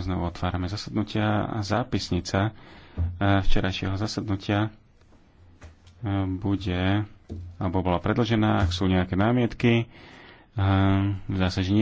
Znovu otvárame zasadnutia a zápisnica e, včerajšieho zasadnutia e, bude, alebo bola predložená, ak sú nejaké námietky. Zdá že